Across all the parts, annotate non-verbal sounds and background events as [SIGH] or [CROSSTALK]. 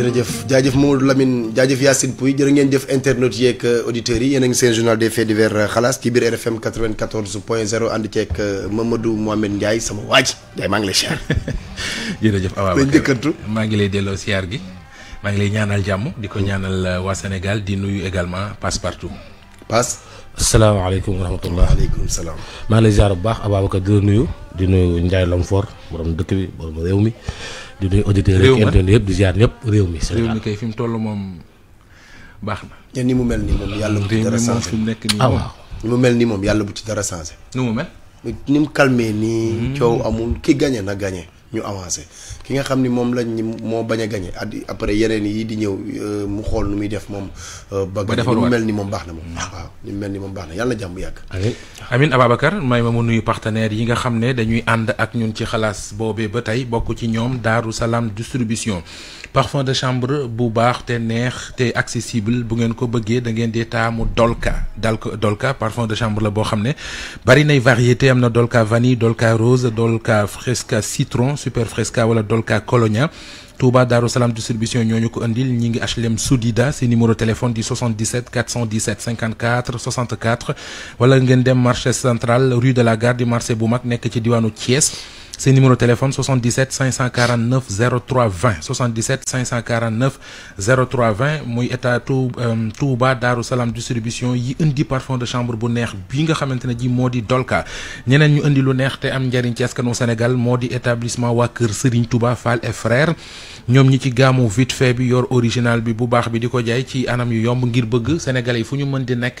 jërëjëf jaajëf Mamadou Lamine jaajëf Yacine Pouy jërë ngeen jëf internet yi ak auditeurs yi yéen a ngi seen journal des faits divers euh, xalaas ci biir RFM 94.0 and 0 ànd ceeg euh, Mamadou Mohamed ndiay sama waa ji Ndiaye maa ngi lay siyaar. [LAUGHS] jërëjëf Awa Bakar njëkkantu maa ngi lay delloo siar gi maa ngi lay ñaanal jàmm di ko ñaanal euh, waa Sénégal di nuyu également passe partout. passe. asalaamaaleykum wa rahmatullah waaleykum salaam. maa ngi lay ziar bu baax Ababacar di la nuyu di nuyu lam fort borom dëkk bi borom réew mi. du nuyu auditeurs yi ak yëpp di ziar ñëpp réew mi Sénégal réew mi kay fi mu toll moom baax na. te ni mu mel nii moom yàlla bu ci dara changé ah waaw ni mu mel nii moom yàlla bu ci dara changé. ni ni mu calmé nii. Mm-hmm. coow amul ki gagné na gagné. ñu avancé ki nga xam ni lañ a gagné après yeneen yi di ñëw euh, mu xool nu def euh, ba distribution parfum de chambre bu baax neex accessible bu ngeen ko da Dolka parfum de chambre la boo bari variété am na Dolka vanille Dolka rose Dolka fresca citron. Super Fresca wala Dolka Colonia Touba daru Salam distribution ñoo ñu ko andil ñi ngi HLM Soudida c'est numéro téléphone di 77 417 54 64 wala ngeen dem marché central rue de la gare di marché bu mag ci Thiès numéros numéro téléphone 77 549 03 20 77 549 03 20 muy état euh, Touba d'Aru Salam distribution yi indi parfum de chambre bonheur neex bi nga xamante ne dit moo Dolka ñeneen ñu indi lu neex te am njariñ ci Sénégal maudit établissement wa kër Serigne Touba Fall et frère ñoom ñi ci gaamu vite fait bi yor original bi bu de bi di ko ci anam yu yomb ngir bëgg Sénégalais yi fu ñu mën di nekk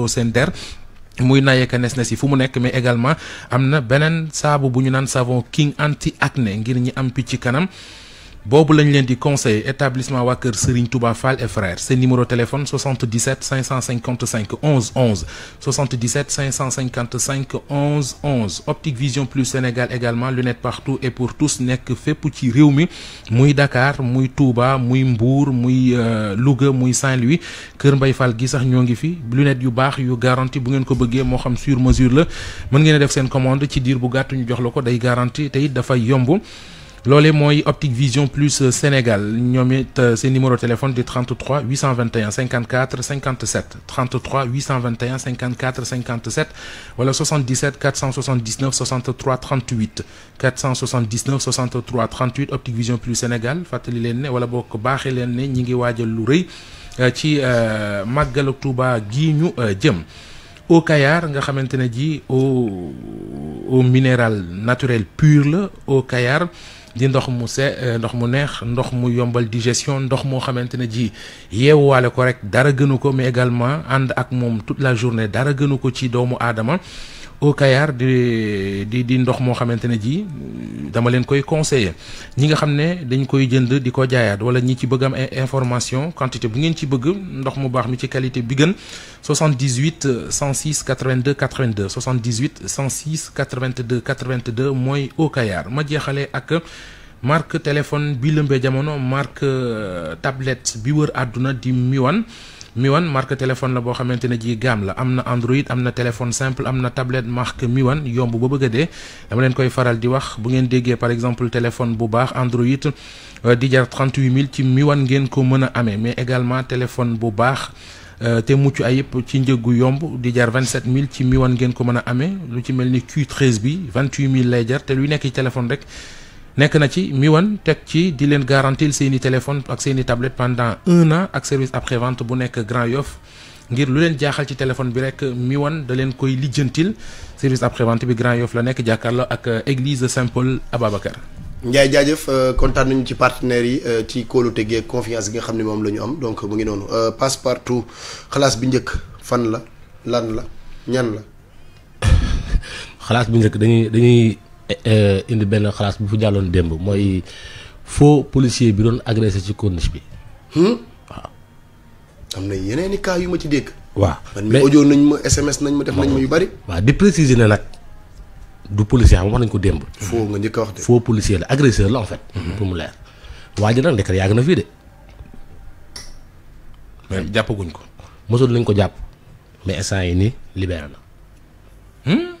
faatoo seen der muy nayeeka nes nes yi fu mu nekk mais également am na beneen saabu bu ñu naan savon king anti acné ngir ñi am picc kanam bobu lañ leen di conseiller établissement wa kër Serigne Touba Fall et frère c'est numéro téléphone 77 555 11 11 77 555 11 11 Optique Vision Plus Sénégal également lunettes partout et pour tous nek pour ci rewmi mi muy Dakar muy Touba muy Mbour muy euh, Louga muy Saint-Louis kër Mbay Fall gi sax ñongi fi lunettes yu bax yu que bu ngeen ko bëggee mo xam sur mesure la mën ngeen def seen commande ci diir bu gàtt ñu jox la ko day garantie te it dafa yomb. Lolé Moy Optique Vision Plus Sénégal c'est le euh, numéro de téléphone de 33 821 54 57 33 821 54 57 voilà 77 479 63 38 479 63 38 Optique Vision Plus Sénégal fatali len wala bok baaxee len ñi ngi lu euh, ci euh, au Kayar nga xamantene ji au au minéral naturel pur au Kayar di ndox mu eh, ndox mu neex mu digestion ndox moo xamante ji yeewuwaale ko rek dara mais également ak toute la journée dara ko ci doomu au Kayar di di di ndox moo je vous koy conseiller ñi nga information quantité bu ngeen ci bëgg ndox mu baax qualité 78 106 82 82 78 106 82 82 mooy au ma ak marque téléphone bi marque euh, tablette Miwan marque téléphone la bo xamantene ji gam la amna Android amna téléphone simple amna tablette marque Miwan yomb bo beug a dama len koy faral di wax bu ngeen déggé par exemple téléphone bu Android euh, di jar 38000 ci Miwan ngeen ko meuna a mais également téléphone bu baax. Euh, té muccu ayep ci njëggu yomb di jar 27000 ci miwan ngeen ko meuna a lu ci melni Q13 bi 28000 huit lay jar té lu nekk téléphone rek nek na ci mi wan teg ci di len garantil seen téléphone ak seen tablette pendant un an ak service après vente bu nek Grand Yoff ngir lu len jaxal ci téléphone bi rek mi wan da len koy lijjantil service après vente bi Grand Yoff la nekk jàkkaarloo ak euh, église Saint-Paul ababakar Ndiaye jaajëf contane euh, nañu ci partenaire yi euh, ci kóolute gi confiance gi nga xamni mom lañu am donc mu ngi noonu passe partout xalaas bi njëkk fan la lan la ñan la khalas bi dañuy dañuy Eh, indi benn xalaas bu fu jàlloon démb mooy faux policier bi doon agressé ci corniche bi. Hmm? waaw. am na yeneen i yu ma ci dégg. waaw man mi audio nañ ma SMS nañ ma def nañ ma yu bari. waaw di préciser ne nag du policier xam nañ ko démb. faux nga njëkk a wax de. faux policier la agresseur la en fait. Mhm. pour mu leer waa ji nag ndekete yàgg na fii de. mais jàppaguñ ko. mosul nañ ko jàpp mais instant yi nii libéré na. Hmm?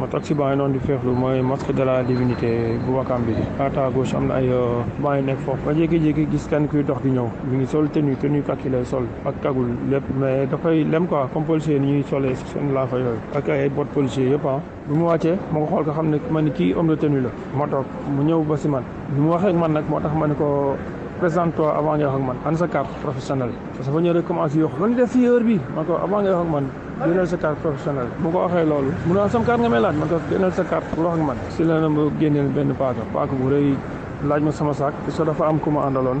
ma taxi baa ngi noonu di feexlu mooy masque de divinité bu wakam bi à gauche am na ay euh, baa nekk foofu ba jékki-jékki gis kenn kuy dox di ñëw mi ngi sol tenue tenue kak yi lay sol ak kagul lépp mais dafay lem quoi comme policier ni ñuy solee seen laafa yooyu ah ma ko xool ko xam ne ma kii homme de tenue la ma toog mu ñëw ba si man bi mu waxee man nag moo tax ma ne ko présente-toi avant ngay wax man an sa carte professionnelle parce que fa ñëw rek commencé yox lan fii heure bi ma ko avant génneel sa carte professionnelle bu ko waxee loolu mu ne ah, sama carte nga may laaj man ko génneel sa carte wax ak man si la na génneel benn paaka paaka bu rëy laaj ma sama saak so dafa am ku ma àndaloon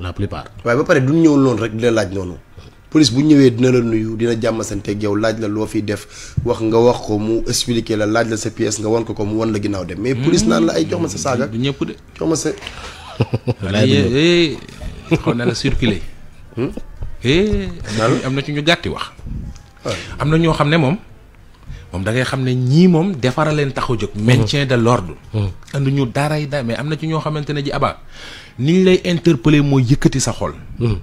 la plupart. waaye ba pare du ñëw loolu rek dina laaj noonu. police bu ñëwee dina la nuyu dina jàmmasanteeg yow laaj la loo fiy def wax nga wax ko mu expliquer la laaj la sa pièce nga wan ko ko mu wan la ginnaaw dem. mais police naan la ay jox ma sa saaga. du ñëpp de jox ma sa. walaay [LAUGHS] eh, eh, xaw na la circuler. Hmm? Eh, am na ci ñu gàtti wax. am na ñoo xam ne moom. moom da ngay xam ne ñii moom defara leen taxu jóg. maintien de l'ordre. Hmm. daaray da mais am na ci ñoo xamante ne ji abaa niñ lay interpeller mo yëkëti sa xol. Hmm.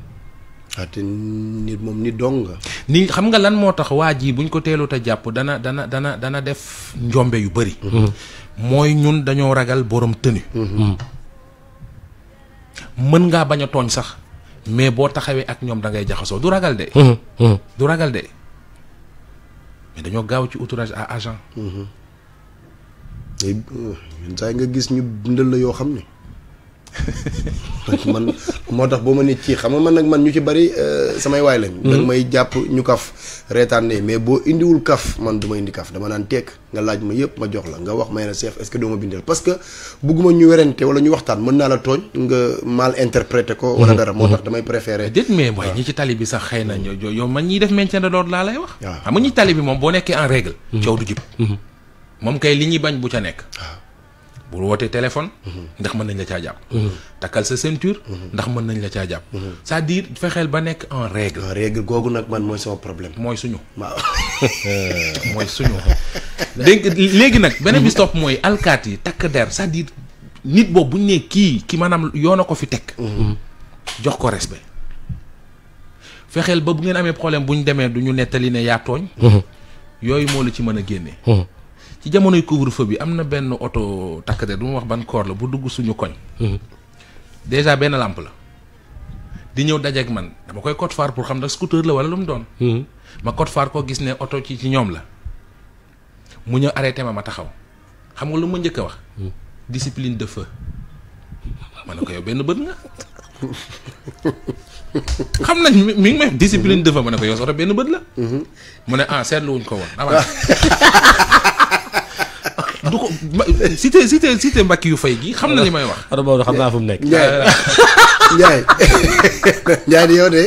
ate ah, nit mom ni dong ni xam nga lan tax buñ ko télo ta japp dana dana dana dana def njombe yu bëri. moy hmm. ñun ragal borom tenu. Hmm. mën nga baña togn sax mais bo taxawé ak ñom da ngay du ragal de. du ragal de mais dañoo gaaw ci outrage à agent. mais euh, saa nga gis ñu man moo tax boo ma nit ci xam nga man nag man ñu ci bari euh, samay waay lañ. Hmm. da may jàpp ñu kaf reetaanee mais boo indiwul kaf man du ma indi kaf dama naan tekk nga laaj ma yëpp ma jox la nga wax ma na chef est-ce que doo ma bindal parce que bugguma ñu werante wala ñu waxtaan mën naa la tooñ nga mal interpréter ko. wala hmm. dara moo tax damay préférer. déet mais mooy ñi ci tali bi sax xëy na ñoo yow man ñiy def maintien de l'ordre laa lay wax. waaw xam nga ñi tali bi moom boo nekkee en règle. Hmm. coow du jub. moom li ñuy bañ bu ca nekk. bul wootee téléphone. ndax mën nañ la caa jàpp. takal sa ceinture. ndax mën nañ la caa jàpp. c'est-à-dire fexeel ba nekk en règle. en règle googu nag man mooy sama problème. mooy suñu. waaw [LAUGHS] mooy suñu. dégg léegi nag. beneen bi topp mooy alkaat yi takk der c'est-à-dire nit boobu bu ñu nee kii ki maanaam yoon ko fi teg. jox ko respect. fexeel ba bu ngeen amee problème bu ñu demee du ñu nettali ne yaa tooñ. [LAUGHS] yooyu moo la ci mën a génnee. [LAUGHS] Hmm. ci jamonoy couvre feu bi am na benn oto wax ban koor la bu dugg suñu koñ. Mhm. dèjà benn lampe la. di ñëw dajeeg man dama koy code phare pour xam ndax scooter la wala lu doon. Mhm. ma code phare ko gis ne oto ci ci ñoom la. mu ñëw arrêté ma ma taxaw xam nga lu wax. Mhm. discipline de feu. ma ne ko yow benn bët nga. xam nañ mi ngi may discipline de feu ma ne ko yow sa oto benn la. mu ne ah seetlu wuñ ko [LAUGHS] du ko cité cité cité mbàkk yu fay gii xam na li may wax. Odo boobu xam naa fu mu nekk. [LAUGHS] Ndiaye Ndiaye di yow de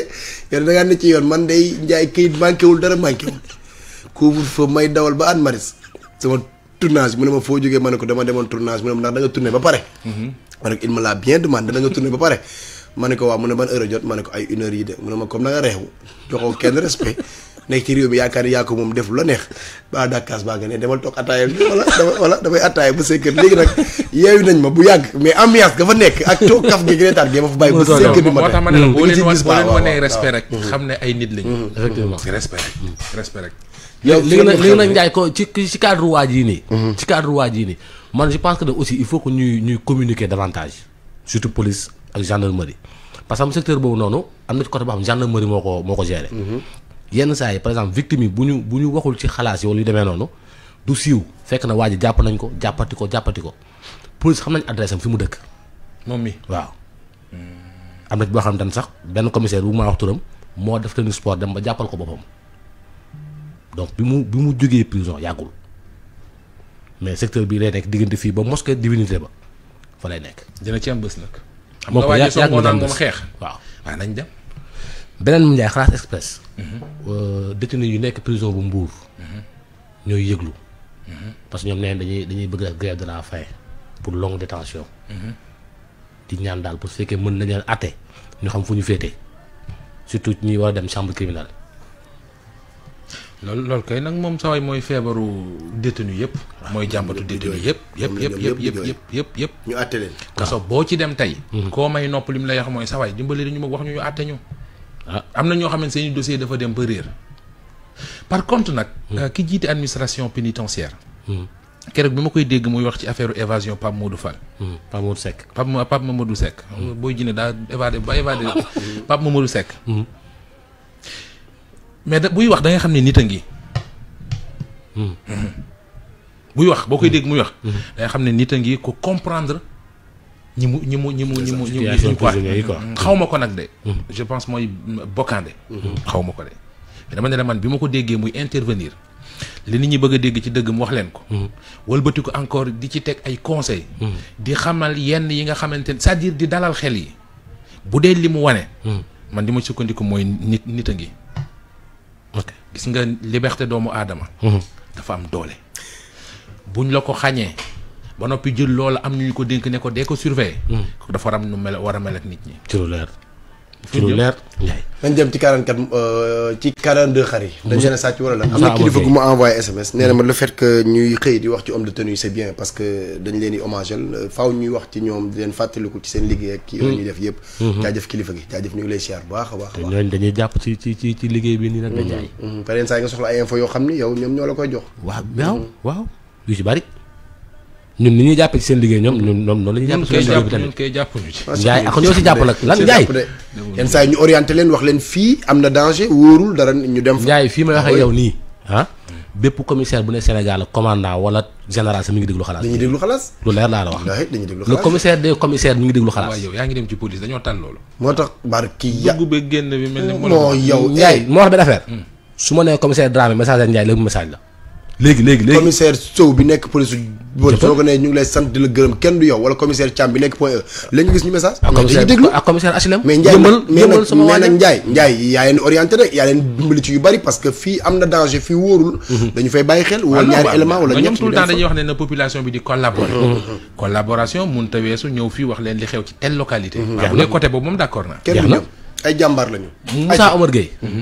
yow da ngaa ci yoon man dey Ndiaye kayit manqué wul dara manqué wul couvre-feu may dawal ba an maris sama tournage mu ne ma foo jógee ma ne ko dama demoon tournage mu ne ma ndax da nga ba pare. Mhm. ma ne ko il me l'a bien demandé da nga ba pare. ma ne ko waaw mu ne man heure jot ma ne ko ay une heure yi de mu ne ma comme na nga nekk ci réew mi yaakaar ne yaa ko moom def lu la neex ba dakkaas baa nga ne demal toog attaaya bi wala léegi nag yeewu nañ ma bu yàgg mais ambiance ga fa nekk ak toog kaf gi reetaan gi ma fa bàyyi ba bi ma ne ko ci ci cadre waa mm-hmm. waa jii nii man je pense que aussi il faut que ñuy ñuy communiquer davantage surtout police ak gendarmerie parce que am secteur boobu noonu am na ci côté boo xam gendarmerie moo ko moo ko gérer mm-hmm. yenn saa yi par exemple victime yi bu ñu bu ñu waxul ci xalaas yi li yu demee noonu du siiw fekk na waa ji jàpp nañ ko jàppati ko jàppati ko police xam nañ adresse am fi mu dëkk. moom mi waaw. am na ci boo xam ne sax benn commissaire bu ma wax turam moo def leen sport dem ba jàppal ko boppam donc bi mu bi mu jógee prison yàggul mais secteur bii lay nekk diggante fii ba mosquée divinité ba fa lay nekk. dina ci am bés nag. moo ko yàgg yàgg xeex waaw waaw ah, nañ dem. beneen mu njaay xalaas express. Mhm. Euh, détenu yu nekk prison bu Mbour. Mhm. ñooy yëglu. Mhm. parce que ñoom nee dañuy dañuy bëgg def grève de la faim pour longue détention di ñaan daal pour fekkee mën nañ atte àtte ñu xam fu ñu féete surtout ñuy war a dem chambre criminelle. loolu loolu kay nag moom saway mooy feebaru détenu yëpp ah, mooy jàmbatu détenu yëpp yëpp yëpp yëpp yëpp yëpp yëpp ñu àtte leen kaso boo ci dem tey koo may nopp li mu lay mooy saway dimbali ñu ma wax ñu ñu àtte ñu Ah. am ñoo dossier dafa dem par contre nag hmm. euh, ki jiite administration pénitentiaire hmm. keroog bi ma koy dégg muy wax ci affaire évasion Pape Modou Fall. Hmm. Pape Seck. Pape Mamadou Seck. booy [LAUGHS] mais da buy wax da ne nit a wax boo comprendre ñi mu ñi mu ñi mu ñi mu quoi xaw ko nag de mm-hmm. je pense mooy bokandé mm-hmm. xaw ko dé mais dama né la man bima ko déggee muy intervenir li nit ñi bëgg dégg ci dëgg mu wax len ko mm-hmm. wëlbati ko encore di ci teg ay conseils di xamal yenn yi nga xamante ne cest dire di dalal xel yi bu dé li mu wane man dima sukkandiku moy nit nit a ngi gis nga liberté doomu adama dafa am doolé buñ la ko xagné ba noppi jël loola am ñu ko dénk ne ko dee ko surveiller. Hmm. dafa war am nu mel war a mel ak nit ñi. ci lu leer. ci lu leer. nañ ci 44 euh, ci 42 xar yi. dañ na kilifa gu ma envoyé SMS. nee na hmm. ma le wax ci homme de tenue c'est bien parce que leen di hommagel faaw ñuy wax ci seen hmm. def yëpp. jaajëf kilifa gi a baax. te ñooñu dañuy jàpp ci ci ci ci liggéey bi nii nag. dañ jaay. pare yenn saa yi nga soxla ay info yoo xam ni yow ñoom ñoo la koy jox. waaw waaw waaw yu ci bari ñun ni ñuy jàppee ci seen liggéey ñom ñun ñoom noonu lañu japp jàpp seen liggéey tamit ñun kay jàppuñu ci njaay ak ñoo ci japp nak lan njaay yeen say ñu orienter leen wax leen fi amna danger worul dara ñu dem fa njaay fi ma wax ak ah yow ni ha ah, bepp commissaire bu ne Sénégal commandant wala général sa mi ngi deglu xalaas dañu deglu xalaas lu leer la la wax dañuy déglu xalaas le commissaire des commissaires mi ngi deglu xalaas yow yaa ngi dem ci police dañu tan lolu motax barki ya dugg be genn bi melni mo yow njaay eh. mo wax be affaire hmm. suma ne commissaire drame message ñay le message la léegi léegi léegi commissaire Sow bi nekk police boobu soo ko nee ñu ngi lay sant di la gërëm kenn du yow wala commissaire Thiam bi nekk point E léegi ñu gis message ak ah, ah, commissaire Asilem mais Ndiaye yaa leen orienté yaa leen dimbali ci yu bari parce que fii am na danger fii wóorul mhm. dañu fay bàyyi xel wala ah, ñaari élément wala ñoom tout le temps dañuy ne na population bi di collaborer mhm. Mhm. collaboration mun ta weesu ñëw fii wax leen di xew ci telle localité waaw bu dee côté boobu moom d'accord naa kenn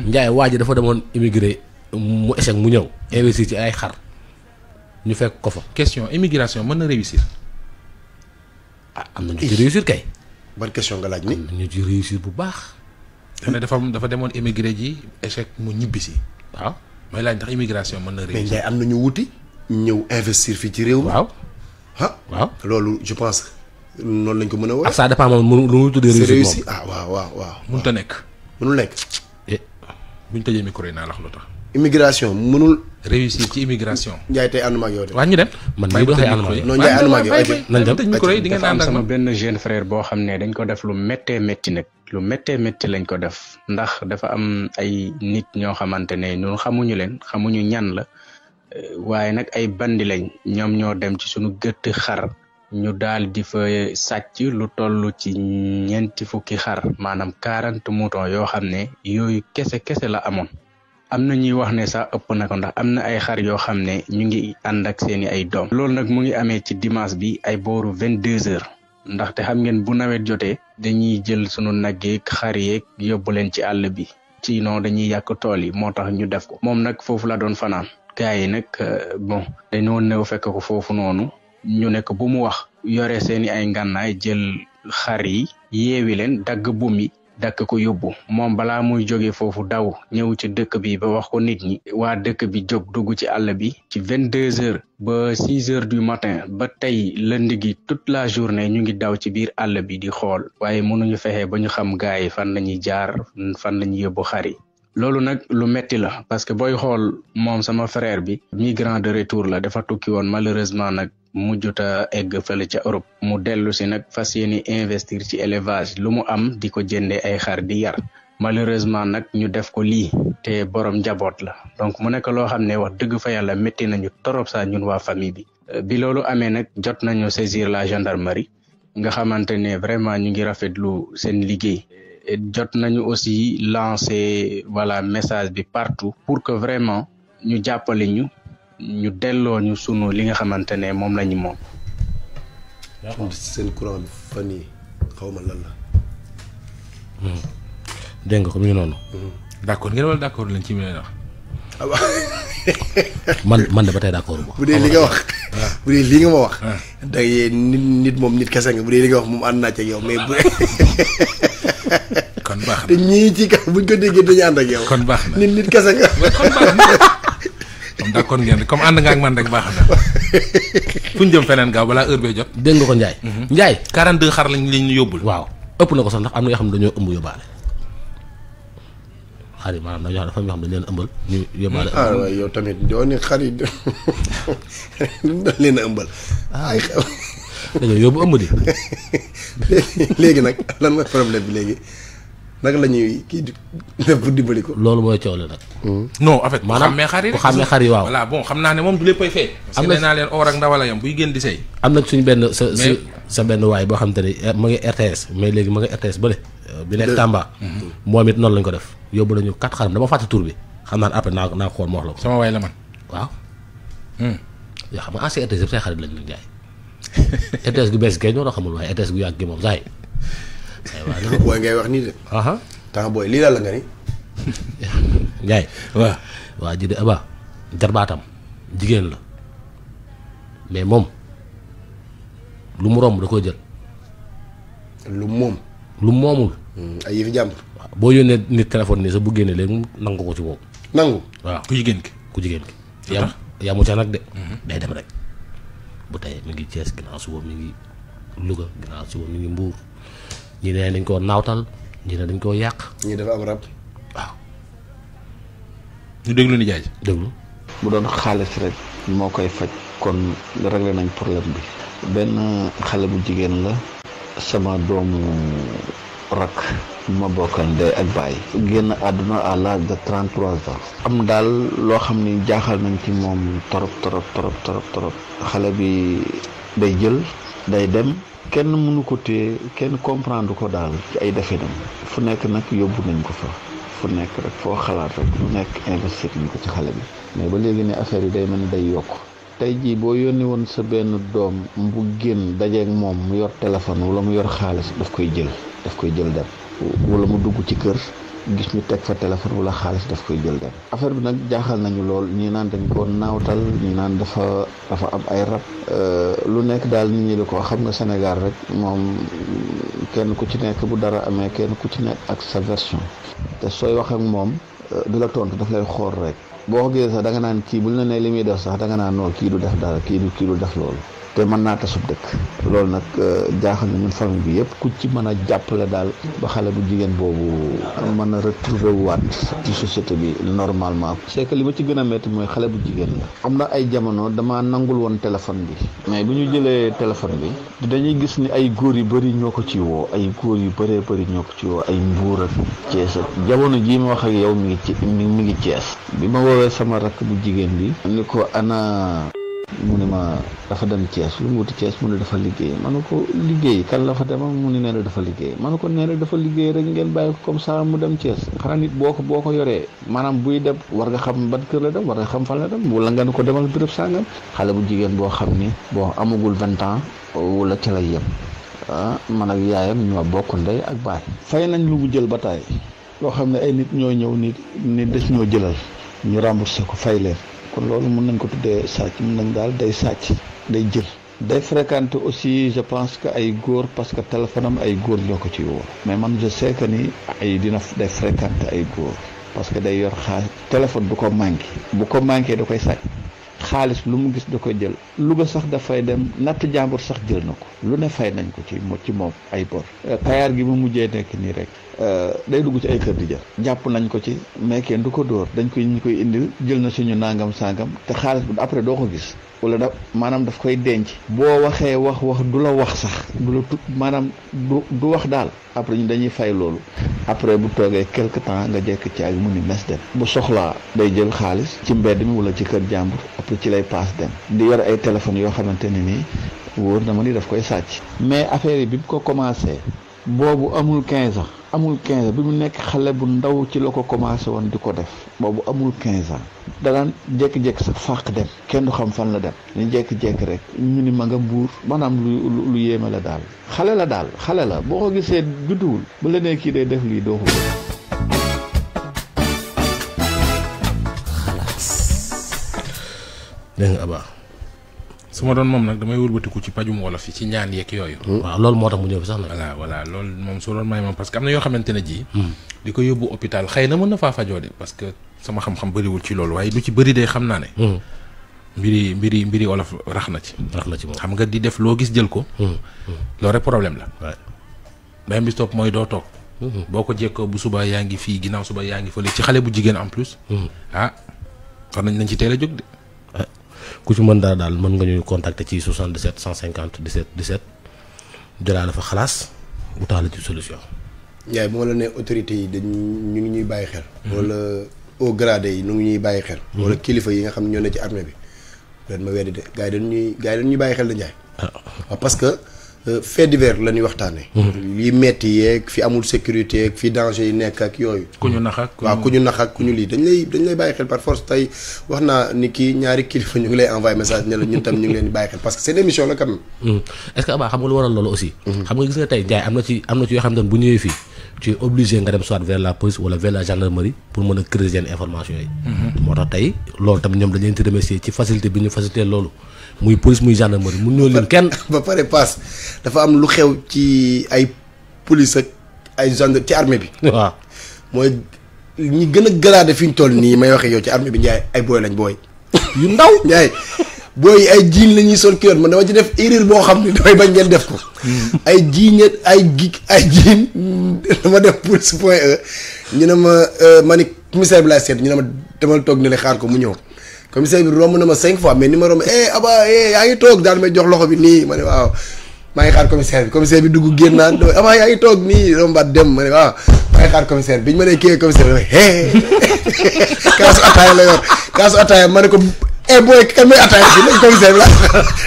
du ay waa ji dafa demoon immigré mu échec mu ñëw investir ci ay xar ñu fekk ko fa. question immigration mën na réussir. ah am na ñu ci réussir kay. ban question nga laaj ni am na ñu ci réussir bu baax. ne dafa dafa demoon immigré ji échec mu ñibbi si. waaw mooy laaj ndax immigration mën na. réussir mais Ndiaye am na ñu wuti. ñëw investir fi ci réew mi waaw. ha waaw loolu je pense. noonu lañ ko mën a wooyee. ça dépend moom lu mu tuddee. réussir moom ah waaw waaw waaw. mënut a nekk. mënul nekk. eh buñ tëjee micro yi naa la wax lu tax. immigration mënul. réussir ci immigration. Ndiaye tey ànduma ak yow waa ñu dem man mii doxee ànduma ak yow non Ndiaye benn jeune frère boo xam ne dañ ko def lu méttee métti nag. lu méttee métti lañ ko def ndax dafa am ay nit ñoo xamante ne ñun xamuñu leen xamuñu ñan la euh, waaye nag ay bandi lañ ñoom ñoo dem ci suñu gëtt xar ñu daal di fa sàcc lu toll ci ñeenti fukki xar maanaam quarante moutons yoo xam ne yooyu kese kese la amoon. am na ñuy wax ne sax ëpp na ko ndax am na ay xar yoo xam ne ñu ngi ànd ak seeni ay doom loolu nag mu ngi amee ci dimanche bi ay booru vingt deux heures ndaxte xam ngeen bu nawet jotee dañuy jël sunu nag yeeg xar yeeg yóbbu leen ci àll bi ci non dañuy yàq tool yi moo tax ñu def ko moom nag foofu la doon fanaan gars yi nag euh, bon dañoo néew fekk ko foofu noonu ñu nekk bu mu wax yore seeni ay ngànnaay jël xar yi yeewi leen dagg buum yi dakk ko yóbbu moom balaa muy jóge foofu daw ñëw ci dëkk bi ba wax ko nit ñi waa dëkk bi jóg dugg ci àll bi ci vingt deux heures ba six heures du matin ba tey lënd gi toute la journée ñu ngi daw ci biir àll bi di xool waaye mënuñu fexe ba ñu xam gaa yi fan lañuy jaar fan lañuy yóbbu xar yi loolu nag lu metti la parce que booy xool moom sama frère bi migrant de retour la dafa tukki woon malheureusement nag mujjuta egg fele ci Europe mu dellu si nag fas yéene investir ci élevage lu mu am di ko ay xar di yar malheureusement nag ñu def ko lii te borom njaboot la donc mu nekk loo xam ne wax dëgg fa yàlla métti nañu torop saa ñun waa famille bi bi loolu amee nag jot nañu saisir la gendarmerie nga xamante ne vraiment ñu ngi rafetlu seen liggéey jot nañu aussi lancer voilà message bi partout pour que vraiment ñu jàppale ñu ñu delloo ñu sunu li nga xamante ne moom lañu moom. seen courant bi fan xaw ma lan la. Hmm. dégg nga ko mi ngi noonu. Hmm. d' accord ngeen wala d' accord lañ ci mën a wax. Ah [LAUGHS] man man de ba tey d' accord bu dee li nga wax. Ah. [LAUGHS] bu dee li nga ma wax. Ah. day nit nit moom nit kese nga bu dee li nga wax moom ànd naa ci ak yow mais bu [LAUGHS] kon baax na te ñii ci kaw buñ ko déggee dañu ànd ak yow. kon baax na nit nit kese nga. d'accord ngeen comme ànd nga ak man rek baax na [LAUGHS] fu ñu jëm feneen gaaw balaa heure bee jot. dégg nga ko njaay Ndiaye. Mhm. Ndiaye. 42 xar lañ lañ ñu yóbbul. waaw ëpp na ko sax ndax am na yoo xam ne dañoo ëmb yóbbaale. xar yi maanaam dañoo dafa am yoo xam ne dañu leen ñu yóbbaale ah waaye yow tamit doo ne xar [LAUGHS] leen ëmbal. Ah. ay dañoo yóbbu ëmb di. [LAUGHS] léegi nag lan mooy problème bi léegi. nag la ñuy kii di def pour dimbali ko. loolu mooy coow la nag. Hmm. non en fait. maanaam ku xàmmee xar yi ku xàmmee xam naa ne moom du léppay fay. am na parce que nee naa leen or ak ndawala yam buy génn di sey. am na suñ benn sa sa benn waay boo xam te ne eh, ma ngi RTS mais léegi ma ngi RTS bële. Euh, bi nekk Tamba. Mhm. moom it noonu lañ ko def yóbbu nañu quatre xaram dama fàtte tur bi xam naa ne après naa ko naa xool ma wax la ko. sama waay la man. waaw. Hmm. yoo xam nga ancien RTS yëpp say xarit lañ leen jaay [LAUGHS] RTS gu bees gi ñoo xamul waaye RTS gu temps eh, booy ngay wax nii de. temps booy lii daal la nga ni. Ndiaye [LAUGHS] waaw. waa ji de Aba jarbaatam jigéen la mais moom lu mu romb da koo jël. lu moom. lu moomul. Hmm, ay yëfi jàmbur. waaw boo yónnee nit téléphone nii sa bu génnee leen mu nangu ko ci boobu. nangu waaw ku jigéen ki. ku jigéen ki. yam yamu ca nag de. Hmm. day dem rek bu tey mi ngi Thiès ginnaaw suba mi ngi Louga ginnaaw suba mi ngi Mbour. ñi ne dañ koo naawtal ñi dañ koo yàq. ñi dafa am rab. ñu déglu ni jaaj déglu. bu doon xaalis rek moo koy faj kon réglé nañ problème bi. benn xale bu jigéen la. sama doomu rakk ma bokkal ndey ak baay génn àdduna à l'âge de trente trois ans am daal loo xam ni jaaxal nañ ci moom torop torop torop torop torop xale bi bay jël day dem kenn mënu ko téye kenn comprendre ko daal ci ay defenam fu nekk nag yóbbu nañ ko fa fu nekk rek foo xalaat rek lu nekk investir nañ ko ci xale bi mais ba léegi ne affaire yi day mel ni day yokk tey jii boo yónni woon sa benn doom bu génn dajeeg moom mu yor téléphone wala mu yor xaalis daf koy jël daf koy jël dem wala mu dugg ci kër gis ñu teg fa téléphone wala xaalis daf koy jël dem affaire bi nag jaaxal nañu lool ñii naan dañ ko naawtal ñii naan dafa dafa am ay rab euh, lu nekk daal nit ñi di ko xam nga Sénégal rek moom kenn ku ci nekk bu dara amee kenn ku ci nekk ak sa version te sooy wax moom euh, du la tontu daf lay xool rek boo ko gisee da nga naan kii buñ la nee li muy def sax da nga naan non kii du def dara def loolu te mën naa tasub dëkk loolu nag euh, jaaxal na ñun famille bi yëpp ku ci mën a jàppale daal xale bu jigéen boobu mën a retrouver waat ci société bi normalement c'est que li ma ci gën a métti mooy xale bu jigéen la am na ay jamono dama nangul woon téléphone bi mais bu ñu jëlee téléphone bi dañuy gis ni ay góor yu bëri ñoo ko ci woo ay góor yu bëree bëri ñoo ko ci woo ay mbuur ak Cees jamono jii ma wax ak yow mi ngi ci mi ngi Cees woowee sama rakk bu jigéen bi ni ko ana mu ne ma dafa dem cees lu mu wuti Thiès mu ne dafa liggéey ma ne ko liggéey kan la fa demal mu ni nee na dafa liggéey man ne ko nee na dafa liggéey rek ngeen bàyyi ko comme ça mu dem Thiès xanaa nit boo ko boo ko yoree maanaam buy dem war nga xam ban kër la dem war nga xam fan la dem wala nga ne ko demal béréb sàngam xale bu jigéen boo xam ni boo amagul vingt ans wala ca lay yem ah man ak yaayam ñoo bokk ndey ak baay fay nañ lu mu jël ba taay loo xam ne ay nit ñoo ñëw nit nit des ñoo ñu remboursé ko fay leen kon loolu mën nañ ko tuddee sàcc mën nañ daal day sàcc day jël day fréquenté aussi je pense que ay góor parce que téléphone am ay góor ñoo ko ci woo mais man je sais que ni ay dina day fréquenté ay góor parce que day yor xaalis téléphone du ko manqué bu ko manqué da koy sàcc xaalis lu mu gis da ko jël Louga sax dafay dem natt jàmbur sax jël na ko lu ne fay nañ ko ci ci moom ay bor kayaar euh, gi mu mujjee nekk nii rek Euh, day dugg ci ay kër di jar jàpp nañ ko ci mais kenn du ko dóor dañ koy ñu koy indil jël na suñu nangam sangam te xaalis bi après doo ko gis wala da maanaam daf koy denc boo waxee wax wax du la wax sax du la tut maanaam du du wax daal après ñu dañuy fay loolu après bu toogee quelque temps nga jekk ci caabi mu ni mes dem bu soxlaa day jël xaalis ci mbedd mi wala ci kër jàmbur après ci lay paas dem di war ay téléphones yoo xamante ni nii wóor na ma ni daf koy sàcc mais affaire yi bi mu ko commencé boobu amul 15 ans amul 15 ans bi mu nekk xale bu ndaw ci la ko commencé woon di ko def boobu amul 15 ans danaan jékki-jékki sax fàq dem kenn du xam fan la dem ni jékki-jékki rek ñu ni ma nga mbuur maanaam lu lu yéeme la daal xale la daal xale la boo ko gisee judduwul bu la nee kii day def lii doo ko su ma doon moom nag damay wëlbatiku ci pajum wolof yi ci ñaan yeeg yooyu. Hmm. waaw loolu moo tax mu ñëw fi sax nag. voilà voilà loolu moom su doon may moom parce que am na yoo xamante ne ji. Hmm. que sama xam-xam bëriwul ci loolu waaye du ci bëri de xam naa ne. Hmm. mbiri mbiri mbiri wolof rax na ci. rax na ci moom xam nga di def loo gis jël ko. loolu rek problème la. waaw beneen bi topp mooy doo toog. boo ko jekkoo bu subaa yaa ngi fii ginnaaw suba yaa ngi fële ci xale bu jigéen en plus. ah war nañ nañ ci teel jóg de. ku ci mën dara daal mën nga ñu contacter ci 77 150 17 17 dinaa la fa xalaas utaale ci solution. Ndiaye bu ma la nee autorité yi dañ ñu ngi ñuy bàyyi xel. wala au gradé yi ñu ñuy bàyyi xel. Mhm. wala kilifa yi nga xam ñoo ne ci armée bi ren ma weddi de gars yi dañ ñuy gars yi dañ ñuy bàyyi xel de Ndiaye. Ah. waaw parce que. Euh, fait divers la ñuy waxtaanee. Mhm. li metti yeeg fi amul sécurité yeeg fi danger yi nek ak yooyu. kuñu nax ak wa kuñu nax ak kuñu li dañ lay dañ lay baye xel par force tay waxna ni ki ñaari kilifa ñu ngi lay envoyer message ñu ñun tam ñu ngi leen baye xel parce que seen émission la quand même. Mhm. est-ce que ba xam nga lu waral lolu aussi. Mhm. xam nga gis nga tay Ndiaye amna ci amna ci yo xam ne bu ñëwé fi tu es obligé nga dem soit vers la police wala vers la gendarmerie pour mën a creuser yenn information yi. motax tay lolu tam ñom dañ leen di remercier ci facilité bi ñu facilité lolu muy police muy gendarmerie mun ñoo leen kenn. [LAUGHS] ba pare paas dafa am lu xew ci ay police ak ay gendarme ci armée bi. [LAUGHS] waaw mooy ñi gën a garaade fi ñu toll nii may waxee yow ci armée bi Ndiaye ay booy lañ booy. [LAUGHS] yu ndaw Ndiaye booy ay jiin la ñuy sol kiyoon man dama ci def erreur boo xam ne damay bañ ngeen def ko. Hmm. ay jiiñ ay gi ay jiin dama def police point e ñu ne ma euh, ma ni commissaire bi laay seet ñu ne ma demal toog ne xaar ko mu ñëw. commissaire bi romb na ma cinq fois mais ni ma romb eh Aba eh yaa ngi toog daal may jox loxo bi nii ma ne waaw maa ngi xaar commissaire bi commissaire bi dugg génn naan Aba yaa ngi ma ne waaw maa ngi xaar commissaire bi ma nee kii commissaire bi eh [LAUGHS] kaasu ataaya la yor kaasu ataaya ma ne ko eh booy kan may ataaya bi commissaire la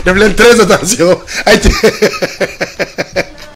def leen très attention ay [LAUGHS]